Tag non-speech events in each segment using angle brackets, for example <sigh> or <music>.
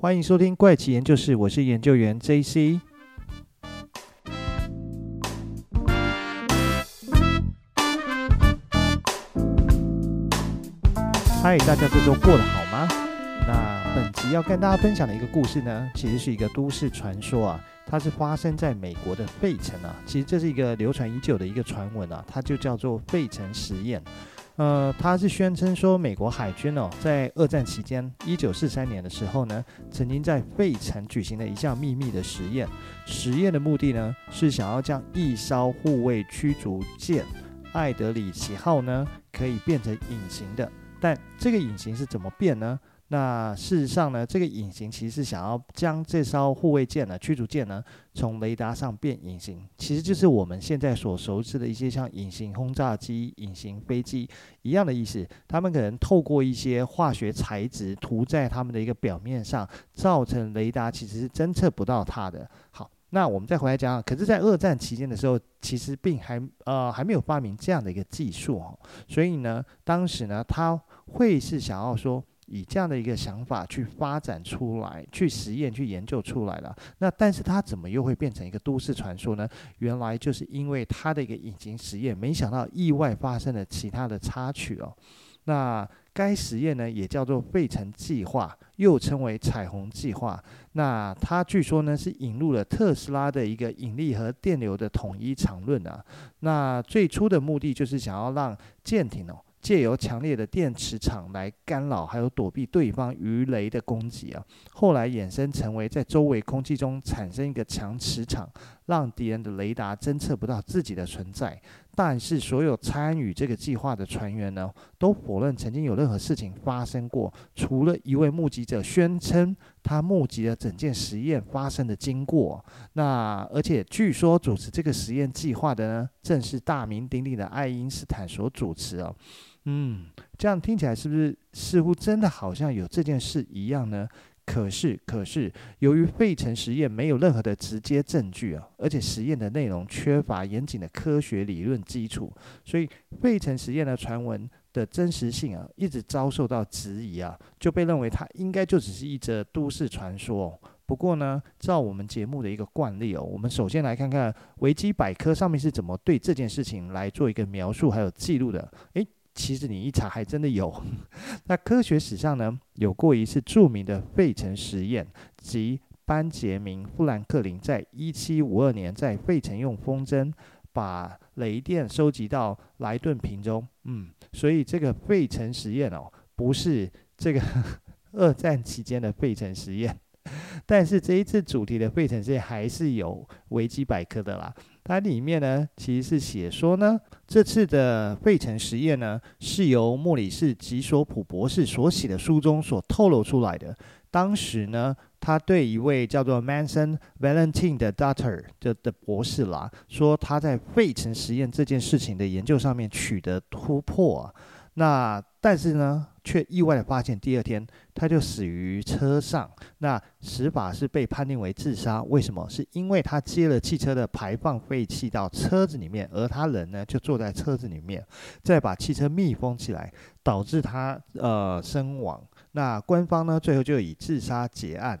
歡迎收聽怪奇研究室，我是研究員 JC。嗨，大家這周過得好嗎？那本集要跟大家分享的一個故事呢，其實是一個都市傳說啊，它是發生在美國的費城啊。其實這是一個流傳已久的一個傳聞啊，它就叫做費城實驗。呃，他是宣稱說，美國海軍哦，在二戰期間，一九四三年的時候呢，曾經在費城舉行了一項秘密的實驗，實驗的目的呢，是想要將一艘護衛驅逐艦，艾德里奇號呢，可以變成隱形的，但這個隱形是怎麼變呢？那事實上呢，這個隱形其實是想要將這艘護衛艦呢，驅逐艦呢，從雷達上變隱形，其實就是我們現在所熟知的一些像隱形轟炸機、隱形飛機一樣的意思。他們可能透過一些化學材質塗在他們的一個表面上，造成雷達其實是偵測不到它的。好，那我們再回來講，可是在二戰期間的時候，其實並還呃還沒有發明這樣的一個技術哦，所以呢，當時呢，他會是想要說，以這樣的一個想法去發展出來、去實驗、去研究出來了。那但是它怎麼又會變成一個都市傳說呢？原來就是因為它的一個隱形實驗，沒想到意外發生了其他的插曲哦。那該實驗呢也叫做費城計劃，又稱為彩虹計劃。那它據說呢是引入了特斯拉的一個引力和電流的統一場論啊。那最初的目的就是想要讓艦艇哦。借由強烈的電磁場來干擾，還有躲避對方魚雷的攻擊啊。後來衍生成為在周圍空氣中產生一個強磁場，讓敵人的雷達偵測不到自己的存在。但是所有參與這個計劃的船員呢，都否認曾經有任何事情發生過，除了一位目擊者宣稱。他目擊了整件實驗發生的經過，那而且據說主持這個實驗計劃的呢，正是大名鼎鼎的愛因斯坦所主持哦。嗯，這樣聽起來是不是似乎真的好像有這件事一樣呢？可是，可是由於費城實驗沒有任何的直接證據啊，而且實驗的內容缺乏嚴謹的科學理論基礎，所以費城實驗的傳聞，的真實性啊，一直遭受到質疑啊，就被認為它應該就只是一則都市傳說。不過呢，照我們節目的一個慣例哦，我們首先來看看維基百科上面是怎麼對這件事情來做一個描述還有記錄的。誒，其實你一查還真的有。 <laughs> 那科學史上呢，有過一次著名的費城實驗，即班傑明富蘭克林在一七五二年在費城用風箏把。雷電收集到萊頓瓶中，嗯，所以這個費城實驗哦，不是這個呵呵二戰期間的費城實驗，但是這一次主題的費城實驗還是有維基百科的啦。它裡面呢，其實是寫說呢，這次的費城實驗呢，是由莫里斯吉索普博士所寫的書中所透露出來的。當時呢。他對一位叫做 Manson Valentine 的 Doctor 的的博士啦，啊，說他在費城實驗這件事情的研究上面取得突破，啊，那但是呢，卻意外的發現，第二天他就死於車上，那死法是被判定為自殺。為什麼？是因為他接了汽車的排放廢氣到車子裡面，而他人呢就坐在車子裡面，再把汽車密封起來，導致他呃身亡。那官方呢最後就以自殺結案。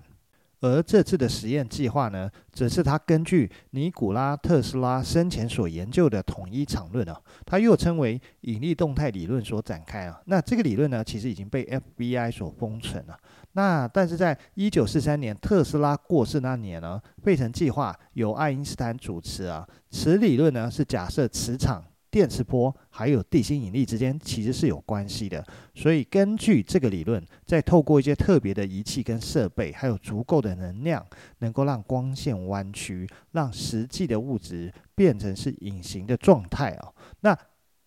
而這次的實驗計劃呢，則是他根據尼古拉特斯拉生前所研究的統一場論啊，它又稱為引力動態理論所展開啊。那這個理論呢，其實已經被 FBI 所封存了。那但是在一九四三年特斯拉過世那年呢，費城計劃由愛因斯坦主持啊。此理論呢，是假設磁場。電磁波還有地心引力之間其實是有關係的，所以根據這個理論，再透過一些特別的儀器跟設備，還有足夠的能量，能夠讓光線彎曲，讓實際的物質變成是隱形的狀態啊、哦，那。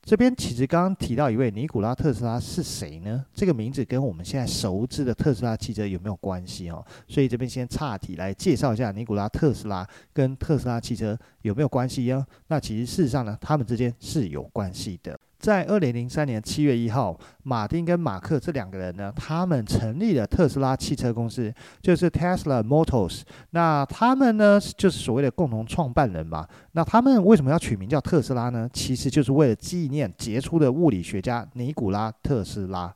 這邊其實剛剛提到一位尼古拉特斯拉是誰呢？這個名字跟我們現在熟知的特斯拉汽車有沒有關係哦？所以這邊先岔題來介紹一下尼古拉特斯拉跟特斯拉汽車有沒有關係喲。那其實事實上呢，他們之間是有關係的。在二零零三年七月一號，馬丁跟馬克這兩個人呢，他們成立了特斯拉汽車公司，就是 Tesla Motors。那他們呢，就是所謂的共同創辦人嘛。那他們為什麼要取名叫特斯拉呢？其實就是為了紀念傑出的物理學家尼古拉特斯拉。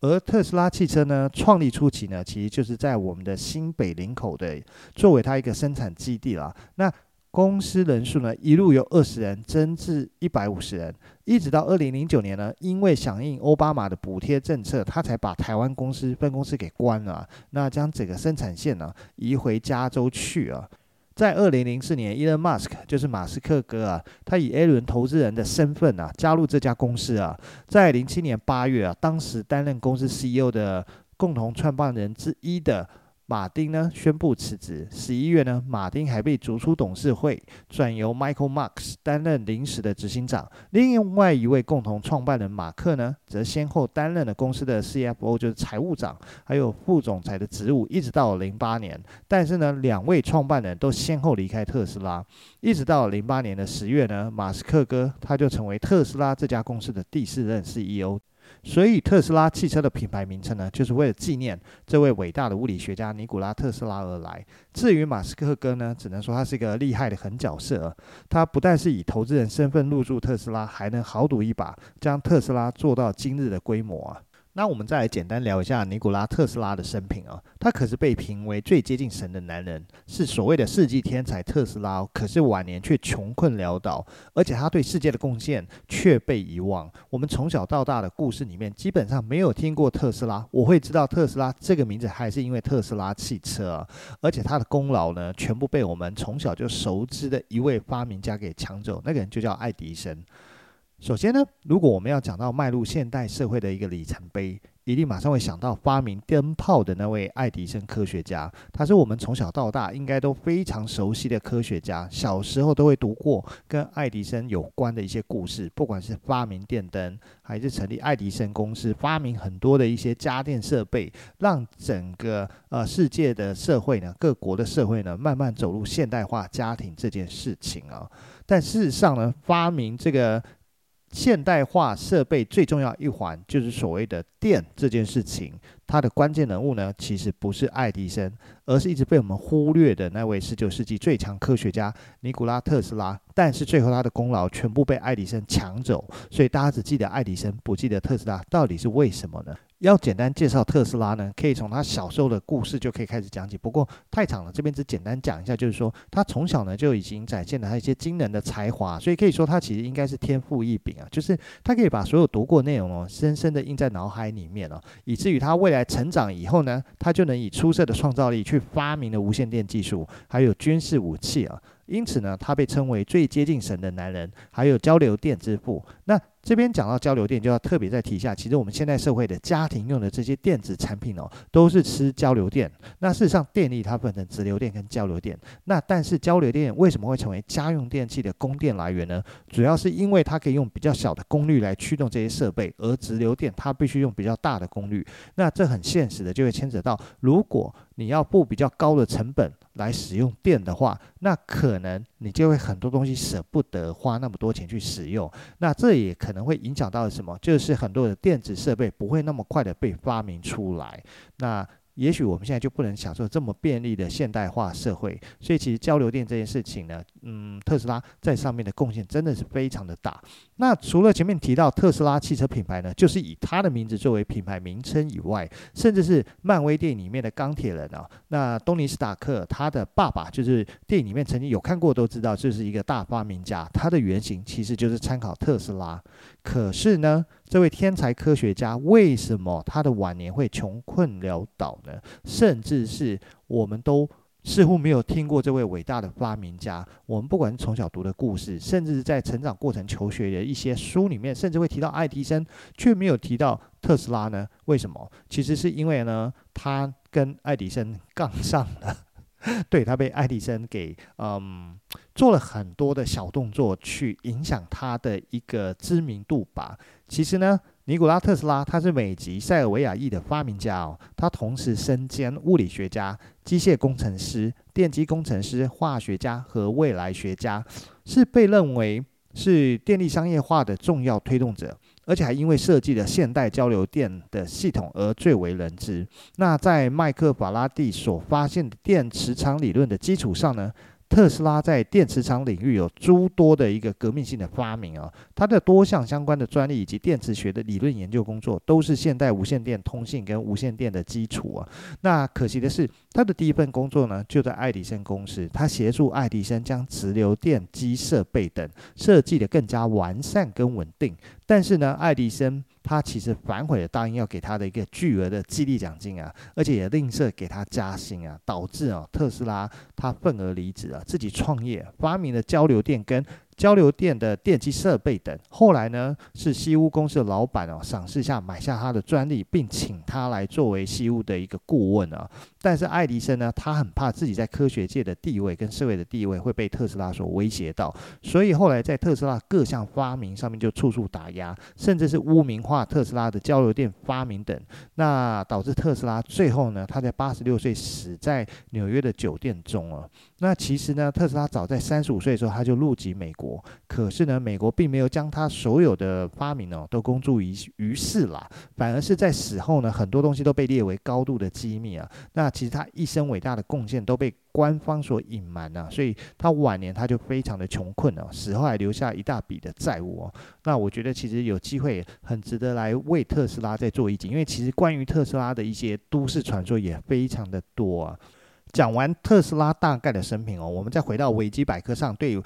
而特斯拉汽車呢，創立初期呢，其實就是在我們的新北林口的，作為它一個生產基地啦。那公司人數呢，一路由二十人增至一百五十人，一直到二零零九年呢，因為響應奧巴馬的補貼政策，他才把台灣公司分公司給關了啊，那將整個生產線呢移回加州去啊。在二零零四年，伊隆·馬斯克就是馬斯克哥啊，他以 A 輪投資人的身份啊，加入這家公司啊。在零七年八月啊，當時擔任公司 CEO 的共同創辦人之一的。馬丁呢宣布辭職。十一月呢，馬丁還被逐出董事會，轉由 Michael Marks 擔任臨時的執行長。另外一位共同創辦人馬克呢，則先後擔任了公司的 CFO，就是財務長，還有副總裁的職務，一直到零八年。但是呢，兩位創辦人都先後離開特斯拉，一直到零八年的十月呢，馬斯克哥他就成為特斯拉這家公司的第四任 CEO。所以特斯拉汽車的品牌名稱呢，就是為了紀念這位偉大的物理學家尼古拉·特斯拉而來。至於馬斯克哥呢，只能說他是一個厲害的狠角色。他不但是以投資人身份入駐特斯拉，還能豪賭一把，將特斯拉做到今日的規模。那我們再來簡單聊一下尼古拉·特斯拉的生平啊，他可是被評為最接近神的男人，是所謂的世紀天才特斯拉。可是晚年卻窮困潦倒，而且他對世界的貢獻卻被遺忘。我們從小到大的故事裡面，基本上沒有聽過特斯拉。我會知道特斯拉這個名字，還是因為特斯拉汽車啊。而且他的功勞呢，全部被我們從小就熟知的一位發明家給搶走，那個人就叫愛迪生。首先呢，如果我們要講到邁入現代社會的一個里程碑，一定馬上會想到發明燈泡的那位愛迪生科學家。他是我們從小到大應該都非常熟悉的科學家，小時候都會讀過跟愛迪生有關的一些故事，不管是發明電燈，還是成立愛迪生公司，發明很多的一些家電設備，讓整個呃世界的社會呢，各國的社會呢，慢慢走入現代化家庭這件事情啊哦。但事實上呢，發明這個。現代化設備最重要一環，就是所謂的電這件事情。他的關鍵人物呢，其實不是愛迪生，而是一直被我們忽略的那位十九世紀最強科學家尼古拉特斯拉。但是最後他的功勞全部被愛迪生搶走，所以大家只記得愛迪生，不記得特斯拉，到底是為什麼呢？要簡單介紹特斯拉呢，可以從他小時候的故事就可以開始講起。不過太長了，這邊只簡單講一下，就是說他從小呢就已經展現了他一些驚人的才華，所以可以說他其實應該是天賦異稟啊，就是他可以把所有讀過的內容哦，深深的印在腦海裡面哦，以至於他為在成長以後呢，他就能以出色的創造力去發明了無線電技術，還有軍事武器啊。因此呢，他被稱為最接近神的男人，還有交流電之父。那。這邊講到交流電，就要特別再提一下。其實我們現在社會的家庭用的這些電子產品哦，都是吃交流電。那事實上，電力它分成直流電跟交流電。那但是交流電為什麼會成為家用電器的供電來源呢？主要是因為它可以用比較小的功率來驅動這些設備，而直流電它必須用比較大的功率。那這很現實的就會牽扯到，如果你要不比較高的成本來使用電的話。那可能你就會很多東西捨不得花那麼多錢去使用，那這也可能會影響到什麼？就是很多的電子設備不會那麼快的被發明出來。那，也許我們現在就不能享受這麼便利的現代化社會，所以其實交流電這件事情呢，嗯，特斯拉在上面的貢獻真的是非常的大。那除了前面提到特斯拉汽車品牌呢，就是以他的名字作為品牌名稱以外，甚至是漫威電影裡面的鋼鐵人呢、哦、那東尼·斯塔克他的爸爸，就是電影裡面曾經有看過都知道，這是一個大發明家，他的原型其實就是參考特斯拉。可是呢？這位天才科學家為什麼他的晚年會窮困潦倒呢？甚至是我們都似乎沒有聽過這位偉大的發明家。我們不管是從小讀的故事，甚至是在成長過程求學的一些書裡面，甚至會提到愛迪生，卻沒有提到特斯拉呢？為什麼？其實是因為呢，他跟愛迪生槓上了。 <laughs> 對，他被愛迪生給嗯做了很多的小動作去影響他的一個知名度吧。其實呢，尼古拉特斯拉他是美籍塞爾維亞裔的發明家哦，他同時身兼物理學家、機械工程師、電機工程師、化學家和未來學家，是被認為是電力商業化的重要推動者。而且還因為設計了現代交流電的系統而最為人知。那在麥克法拉第所發現的電磁場理論的基礎上呢，特斯拉在電磁場領域有諸多的一個革命性的發明啊。它的多項相關的專利以及電磁學的理論研究工作，都是現代無線電通信跟無線電的基礎啊。那可惜的是。他的第一份工作呢，就在愛迪生公司，他協助愛迪生將直流電機設備等設計得更加完善跟穩定。但是呢，愛迪生他其實反悔了，答應要給他的一個巨額的激勵獎金啊，而且也吝嗇給他加薪啊，導致啊特斯拉他憤而離職啊，自己創業，發明了交流電跟。交流電的電機設備等。後來呢，是西屋公司的老闆哦，賞識下，買下他的專利，並請他來作為西屋的一個顧問啊、哦。但是愛迪生呢，他很怕自己在科學界的地位跟社會的地位會被特斯拉所威脅到，所以後來在特斯拉各項發明上面就處處打壓，甚至是污名化特斯拉的交流電發明等。那導致特斯拉最後呢，他在八十六歲死在紐約的酒店中啊、哦。那其實呢，特斯拉早在三十五歲的時候，他就入籍美國。可是呢，美國並沒有將他所有的發明呢、哦、都公諸於於世啦、啊，反而是在死後呢，很多東西都被列為高度的機密啊。那其實他一生偉大的貢獻都被官方所隱瞞啊，所以他晚年他就非常的窮困了、啊、死後還留下一大筆的債務哦、啊。那我覺得其實有機會很值得來為特斯拉再做一集，因為其實關於特斯拉的一些都市傳說也非常的多啊。講完特斯拉大概的生平哦，我們再回到維基百科上對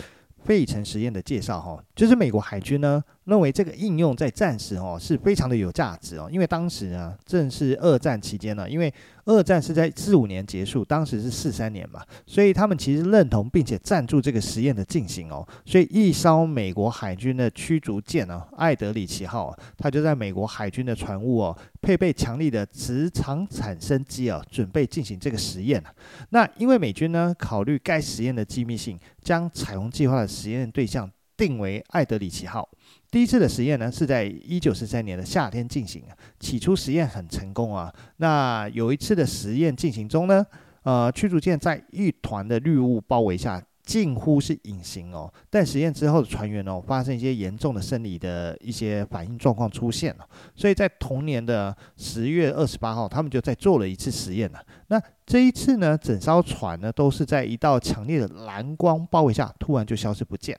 費城實驗的介紹哦，就是美國海軍呢。認為這個應用在戰時哦，是非常的有價值哦，因為當時呢正是二戰期間呢，因為二戰是在四五年結束，當時是四三年嘛，所以他們其實認同並且贊助這個實驗的進行哦，所以一艘美國海軍的驅逐艦哦，艾德里奇號，它就在美國海軍的船塢哦，配備強力的磁場產生機哦，準備進行這個實驗。那因為美軍呢，考慮該實驗的機密性，將彩虹計劃的實驗對象定為艾德里奇號。第一次的實驗呢，是在一九四三年的夏天進行。起初實驗很成功啊。那有一次的實驗進行中呢，呃，驅逐艦在一團的綠霧包圍下，近乎是隱形哦。但實驗之後的船員呢、哦，發生一些嚴重的生理的一些反應狀況出現了、哦。所以在同年的十月二十八號，他們就再做了一次實驗了。那這一次呢，整艘船呢，都是在一道強烈的藍光包圍下，突然就消失不見，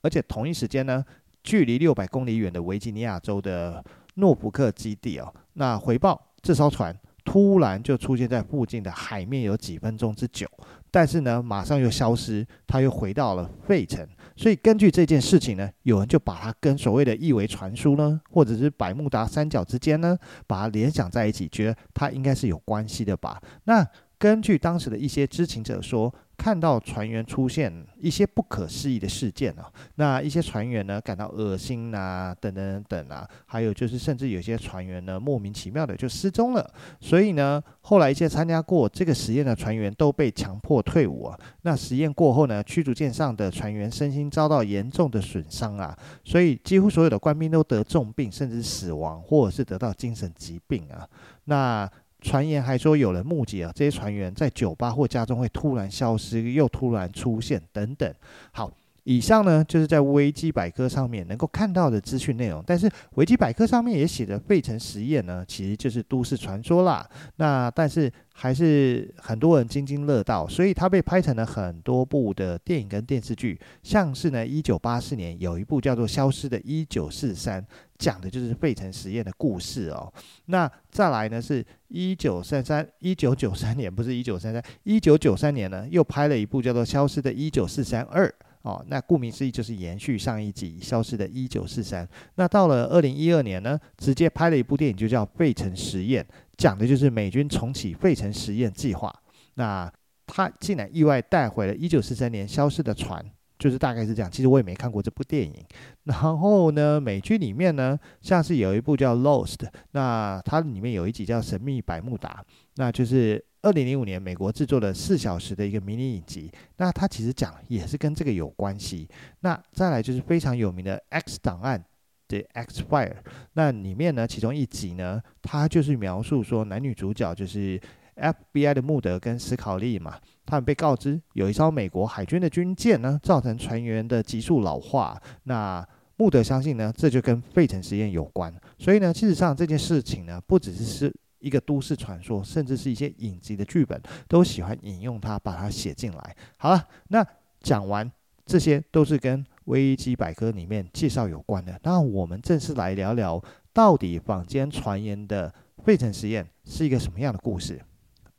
而且同一時間呢。距離六百公里遠的維吉尼亞州的諾福克基地哦，那回報這艘船突然就出現在附近的海面有幾分鐘之久，但是呢馬上又消失，它又回到了費城。所以根據這件事情呢，有人就把它跟所謂的異維傳輸呢，或者是百慕達三角之間呢，把它聯想在一起，覺得它應該是有關係的吧。那根據當時的一些知情者說。看到船員出現一些不可思議的事件啊，那一些船員呢感到噁心啊，等等等等啊，還有就是甚至有些船員呢莫名其妙的就失蹤了，所以呢，後來一些參加過這個實驗的船員都被強迫退伍啊。那實驗過後呢，驅逐艦上的船員身心遭到嚴重的損傷啊，所以幾乎所有的官兵都得重病，甚至死亡或者是得到精神疾病啊。那傳言還說有人目擊啊，這些船員在酒吧或家中會突然消失，又突然出現，等等。好，以上呢就是在維基百科上面能夠看到的資訊內容。但是維基百科上面也寫的費城實驗呢，其實就是都市傳說啦。那但是還是很多人津津樂道，所以它被拍成了很多部的電影跟電視劇，像是呢，一九八四年有一部叫做《消失的一九四三》。講的就是費城實驗的故事哦。那再來呢，是一九三三一九九三年，不是一九三三一九九三年呢，又拍了一部叫做《消失的一九四三二》哦。那顧名思義，就是延續上一集《消失的一九四三》。那到了二零一二年呢，直接拍了一部電影，就叫《費城實驗》，講的就是美軍重啟費城實驗計劃。那他竟然意外帶回了一九四三年消失的船。就是大概是這樣，其實我也沒看過這部電影。然後呢，美劇裡面呢，像是有一部叫《Lost》，那它裡面有一集叫《神秘百慕達》，那就是二零零五年美國制作的四小時的一個迷你影集。那它其實講也是跟這個有關係。那再來就是非常有名的《X 檔案》的《X Fire》，那裡面呢，其中一集呢，它就是描述說男女主角就是。FBI 的穆德跟斯考利嘛，他們被告知有一艘美國海軍的軍艦呢，造成船員的急速老化。那穆德相信呢，這就跟費城實驗有關。所以呢，事實上這件事情呢，不只是是一個都市傳說，甚至是一些影集的劇本都喜歡引用它，把它寫進來。好了，那講完這些都是跟《維基百科》裡面介紹有關的。那我們正式來聊聊，到底坊間傳言的費城實驗是一個什麼樣的故事？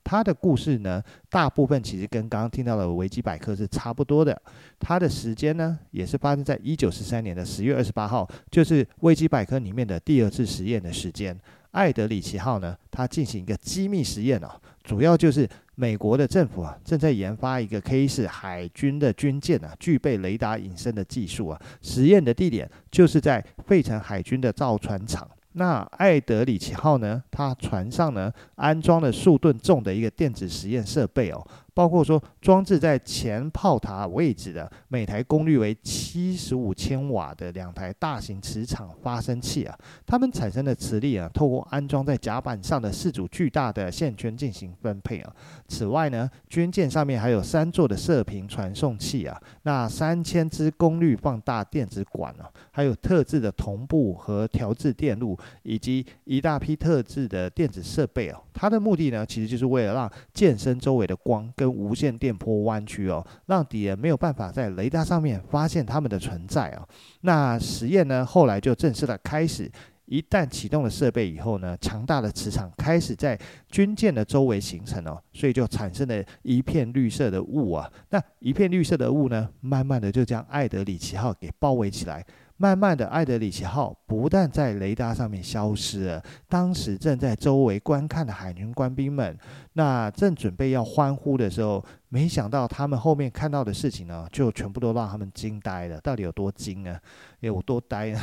他的故事呢，大部分其實跟剛剛聽到的維基百科是差不多的。他的時間呢，也是發生在一九四三年的十月二十八號，就是維基百科裡面的第二次實驗的時間。艾德里奇號呢，它進行一個機密實驗哦，主要就是美國的政府啊正在研發一個可以使海軍的軍艦啊，具備雷達隱身的技術啊。實驗的地點就是在費城海軍的造船廠。那艾德里奇號呢，它船上呢，安裝了數噸重的一個電子實驗設備哦。包括說，裝置在前炮塔位置的每台功率為七十五千瓦的兩台大型磁場發生器啊，它們產生的磁力啊，透過安裝在甲板上的四組巨大的線圈進行分配啊。此外呢，軍艦上面還有三座的射頻傳送器啊，那三千只功率放大電子管啊，還有特制的同步和調制電路，以及一大批特制的電子設備啊。它的目的呢，其實就是為了讓艦身周圍的光。跟無線電波彎曲哦，讓敵人沒有辦法在雷達上面發現他們的存在哦。那實驗呢，後來就正式的開始。一旦啟動了設備以後呢，強大的磁場開始在軍艦的周圍形成哦，所以就產生了一片綠色的霧啊。那一片綠色的霧呢，慢慢的就將艾德里奇號給包圍起來。慢慢的，艾德里奇號不但在雷達上面消失了，當時正在周圍觀看的海軍官兵們，那正準備要歡呼的時候，沒想到他們後面看到的事情呢，就全部都讓他們驚呆了。到底有多驚啊？有多呆呢？啊？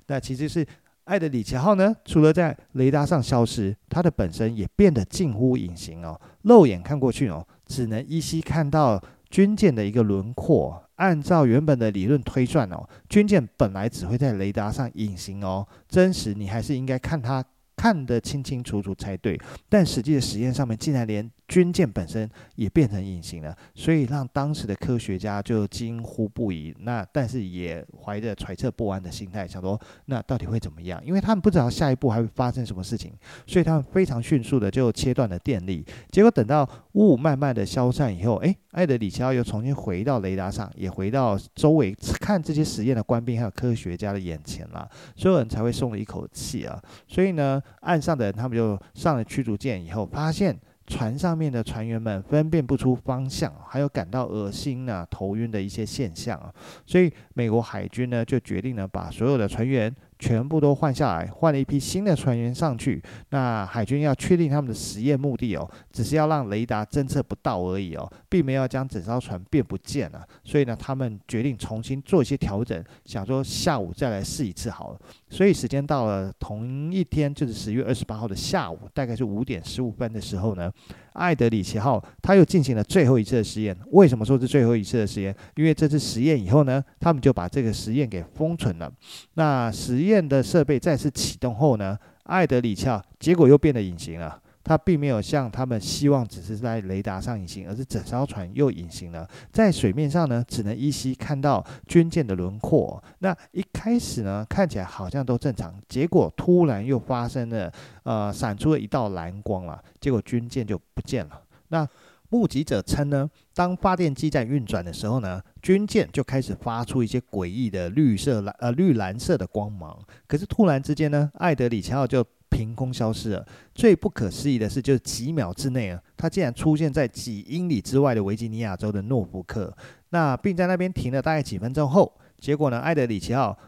<laughs> 那其實是艾德里奇號呢，除了在雷達上消失，它的本身也變得近乎隱形哦。肉眼看過去哦，只能依稀看到軍艦的一個輪廓。按照原本的理論推算哦，軍艦本來只會在雷達上隱形哦，真實你還是應該看它看得清清楚楚才對，但實際的實驗上面竟然連軍艦本身也變成隱形了，所以讓當時的科學家就驚呼不已。那但是也懷着揣測不安的心態，想說那到底會怎麼樣？因為他們不知道下一步還會發生什麼事情，所以他們非常迅速的就切斷了電力。結果等到霧慢慢的消散以後，誒，愛德里奇號又重新回到雷達上，也回到周圍看這些實驗的官兵還有科學家的眼前了，所有人才會鬆了一口氣啊。所以呢。岸上的人，他們就上了驅逐艦以後，發現船上面的船員們分辨不出方向，還有感到噁心吶、啊、頭暈的一些現象啊。所以美國海軍呢就決定呢把所有的船員。全部都換下來，換了一批新的船員上去。那海軍要確定他們的實驗目的哦，只是要讓雷達偵測不到而已哦，並沒有要將整艘船變不見了。所以呢，他們決定重新做一些調整，想說下午再來試一次好了。所以時間到了，同一天就是十月二十八號的下午，大概是五點十五分的時候呢，艾德里奇號他又進行了最後一次的實驗。為什麼說是最後一次的實驗？因為這次實驗以後呢，他們就把這個實驗給封存了。那實驗。艦的設備再次啟動後呢，艾德里奇結果又變得隱形了。他並沒有像他們希望，只是在雷達上隱形，而是整艘船又隱形了。在水面上呢，只能依稀看到軍艦的輪廓。那一開始呢，看起來好像都正常，結果突然又發生了，呃，閃出了一道藍光了。結果軍艦就不見了。那目擊者稱呢，當發電機在運轉的時候呢，軍艦就開始發出一些詭異的綠色、藍呃綠藍色的光芒。可是突然之間呢，埃德里奇號就憑空消失了。最不可思議的是，就是幾秒之內啊，它竟然出現在幾英里之外的維吉尼亞州的諾福克，那並在那邊停了大概幾分鐘後，結果呢，埃德里奇號。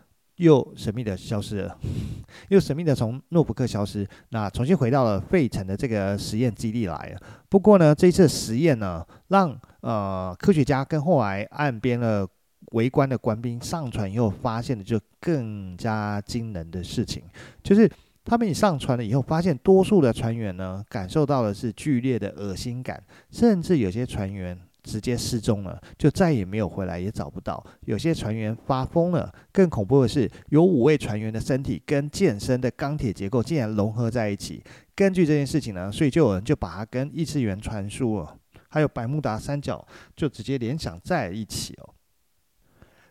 又神秘的消失了，又神秘的從諾福克消失，那重新回到了費城的這個實驗基地來了。不過呢，這次實驗呢，讓呃科學家跟後來岸邊的圍觀的官兵上船以後發現的就更加驚人的事情，就是他們上船了以後，發現多數的船員呢，感受到的是劇烈的噁心感，甚至有些船員。直接失蹤了，就再也沒有回來，也找不到。有些船員發瘋了，更恐怖的是，有五位船員的身體跟艦身的鋼鐵結構竟然融合在一起。根據這件事情呢，所以就有人就把它跟異次元傳輸了，還有百慕達三角就直接聯想在一起哦。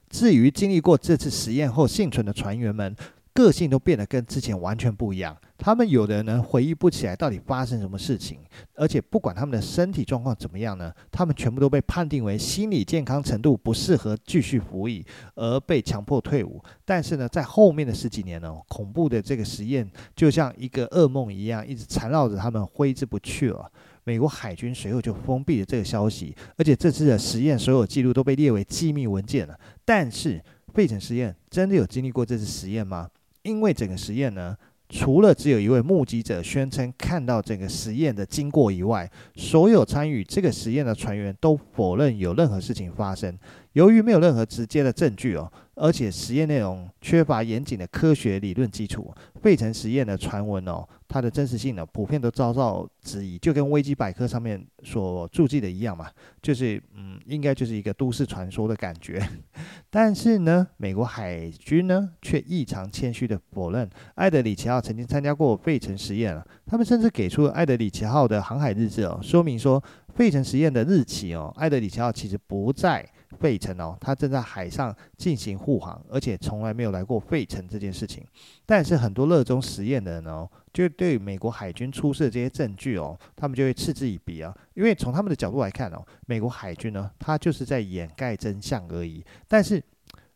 至於經歷過這次實驗後倖存的船員們。個性都變得跟之前完全不一樣。他們有的人回憶不起來到底發生什麼事情，而且不管他們的身體狀況怎麼樣呢，他們全部都被判定為心理健康程度不適合繼續服役而被強迫退伍。但是呢，在後面的十幾年呢，恐怖的這個實驗就像一個噩夢一樣一直纏繞着他們揮之不去了。美國海軍隨後就封閉了這個消息，而且這次的實驗所有記錄都被列為機密文件了。但是費城實驗真的有經歷過這次實驗嗎？因為整個實驗呢，除了只有一位目擊者宣稱看到整個實驗的經過以外，所有參與這個實驗的船員都否認有任何事情發生。由於沒有任何直接的證據哦。而且實驗內容缺乏嚴謹的科學理論基礎，費城實驗的傳聞哦，它的真實性呢、哦，普遍都遭到質疑，就跟維基百科上面所注記的一樣嘛，就是嗯，應該就是一個都市傳說的感覺。 <laughs> 但是呢，美國海軍呢卻異常謙虛地否認艾德里奇號曾經參加過費城實驗了。他們甚至給出艾德里奇號的航海日誌哦，說明說費城實驗的日期哦，艾德里奇號其實不在。費城哦，他正在海上進行護航，而且從來沒有來過費城這件事情。但是很多熱衷實驗的人哦，就對美國海軍出示的這些證據哦，他們就會嗤之以鼻啊。因為從他們的角度來看哦，美國海軍呢，他就是在掩蓋真相而已。但是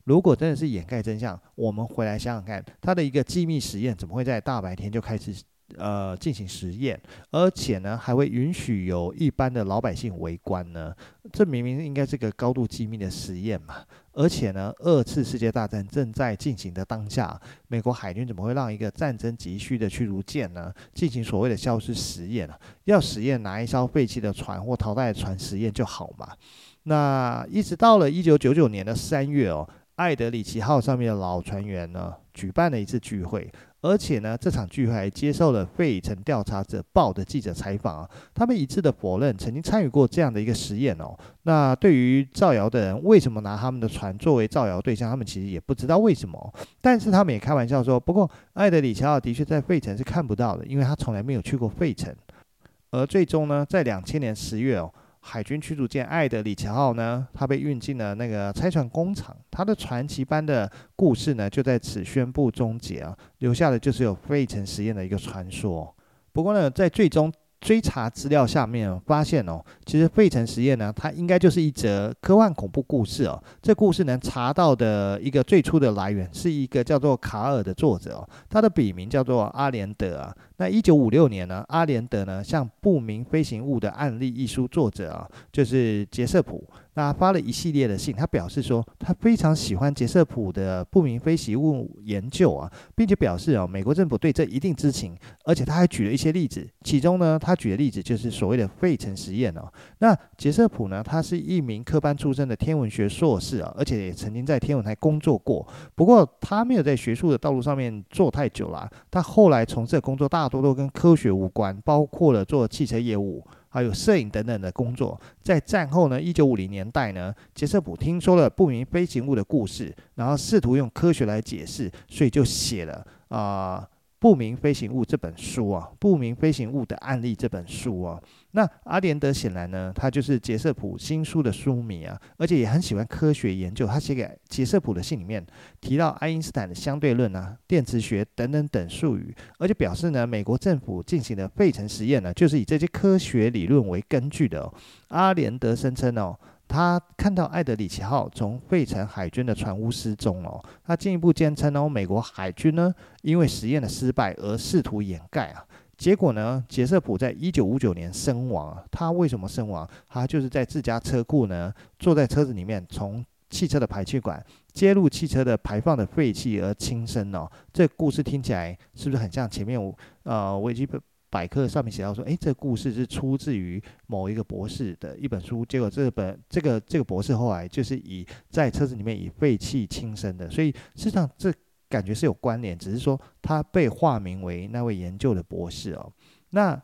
如果真的是掩蓋真相，我們回來想想看，他的一個機密實驗怎麼會在大白天就開始？呃，進行實驗，而且呢，還會允許有一般的老百姓圍觀呢？這明明應該是個高度機密的實驗嘛！而且呢，二次世界大戰正在進行的當下，美國海軍怎麼會讓一個戰爭急需的驅逐艦呢進行所謂的消失實驗呢？要實驗拿一艘廢棄的船或淘汰的船實驗就好嘛？那一直到了一九九九年的三月哦，艾德里奇號上面的老船員呢，舉辦了一次聚會。而且呢，這場聚會還接受了費城調查者報的記者採訪啊，他們一致的否認曾經參與過這樣的一個實驗哦。那對於造謠的人，為什麼拿他們的船作為造謠對象？他們其實也不知道為什麼，哦。但是他們也開玩笑說，不過艾德里奇奧的確在費城是看不到的，因為他從來沒有去過費城。而最終呢，在兩千年十月哦。海軍驅逐艦愛德里奇號呢，它被運進了那個拆船工廠，它的傳奇般的故事呢，就在此宣布終結啊，留下的就是有費城實驗的一個傳說。不過呢，在最終。追查資料，下面發現哦，其實費城實驗呢，它應該就是一則科幻恐怖故事哦。這故事能查到的一個最初的來源，是一個叫做卡爾的作者哦，他的筆名叫做阿連德啊。那一九五六年呢，阿連德呢，向不明飛行物的案例一書作者啊，就是傑瑟普。那發了一系列的信，他表示說他非常喜歡傑瑟普的不明飛行物研究啊，並且表示啊、哦、美國政府對這一定知情。而且他還舉了一些例子，其中呢他舉的例子就是所謂的費城實驗哦。那傑瑟普呢他是一名科班出身的天文學碩士啊，而且也曾經在天文台工作過，不過他沒有在學術的道路上面做太久了、啊，他後來從事的工作大多都跟科學無關，包括了做汽車業務。還有攝影等等的工作。在戰後呢，一九五零年代呢，傑瑟普聽說了不明飛行物的故事，然後試圖用科學來解釋，所以就寫了啊、呃《不明飛行物》這本書啊，《不明飛行物的案例》這本書啊。那阿連德顯然呢，他就是傑瑟普新書的書迷啊，而且也很喜歡科學研究。他寫給傑瑟普的信裡面提到愛因斯坦的相對論啊、電磁學等等等術語，而且表示呢，美國政府進行的費城實驗呢，就是以這些科學理論為根據的哦。阿連德聲稱哦，他看到艾德里奇號從費城海軍的船塢失蹤哦，他進一步堅稱哦，美國海軍呢，因為實驗的失敗而試圖掩蓋啊。結果呢，傑瑟普在一九五九年身亡。他為什麼身亡？他就是在自家車庫呢，坐在車子裡面，從汽車的排氣管接入汽車的排放的廢氣而輕生哦。這個故事聽起來是不是很像前面我呃，維基百科上面寫到說，誒，這個故事是出自於某一個博士的一本書。結果這本這個這個博士後來就是以在車子裡面以廢氣輕生的。所以事實上這。感覺是有關聯，只是說他被化名為那位研究的博士哦，那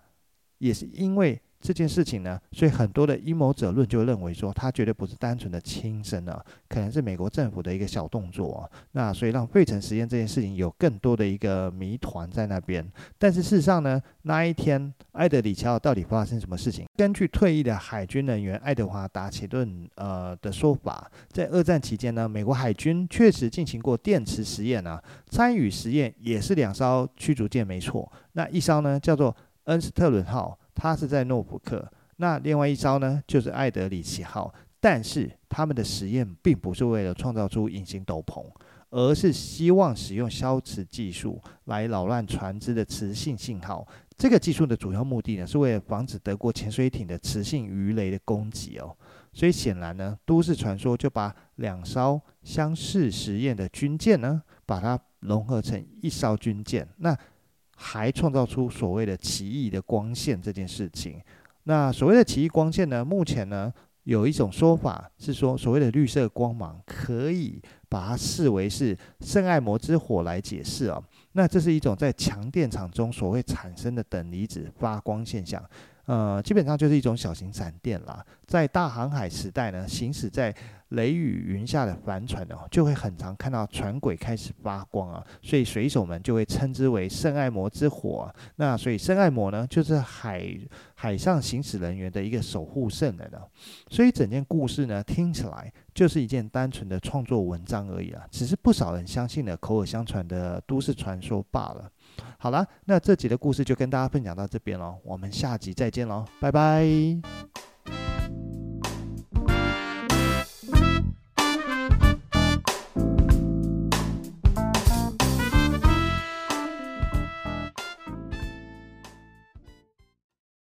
也是因為這件事情呢，所以很多的陰謀者論就認為說，他絕對不是單純的輕生啊，可能是美國政府的一個小動作啊。那所以讓費城實驗這件事情有更多的一個謎團在那邊。但是事實上呢，那一天埃德里奇到底發生什麼事情？根據退役的海軍人員愛德華·達奇頓呃的說法，在二戰期間呢，美國海軍確實進行過電磁實驗啊。參與實驗也是兩艘驅逐艦沒錯，那一艘呢叫做恩斯特倫號。它是在諾福克，那另外一艘呢，就是艾德里奇號。但是他們的實驗並不是為了創造出隱形斗篷，而是希望使用消磁技術來擾亂船只的磁性信號。這個技術的主要目的呢，是為了防止德國潛水艇的磁性魚雷的攻擊哦。所以顯然呢，都市傳說就把兩艘相似實驗的軍艦呢，把它融合成一艘軍艦。那還創造出所謂的奇異的光線這件事情，那所謂的奇異光線呢？目前呢，有一種說法是說，所謂的綠色光芒可以把它視為是聖艾摩之火來解釋哦。那這是一種在強電場中所會產生的等離子發光現象。呃，基本上就是一種小型閃電啦。在大航海時代呢，行駛在雷雨雲下的帆船哦，就會很常看到船軌開始發光啊，所以水手們就會稱之為聖艾摩之火啊。那所以聖艾摩呢，就是海海上行駛人員的一個守護聖人了啊。所以整件故事呢，聽起來就是一件單純的創作文章而已啊。只是不少人相信了口耳相傳的都市傳說罷了。好了，那這集的故事就跟大家分享到這邊了。我們下集再見嘍，拜拜。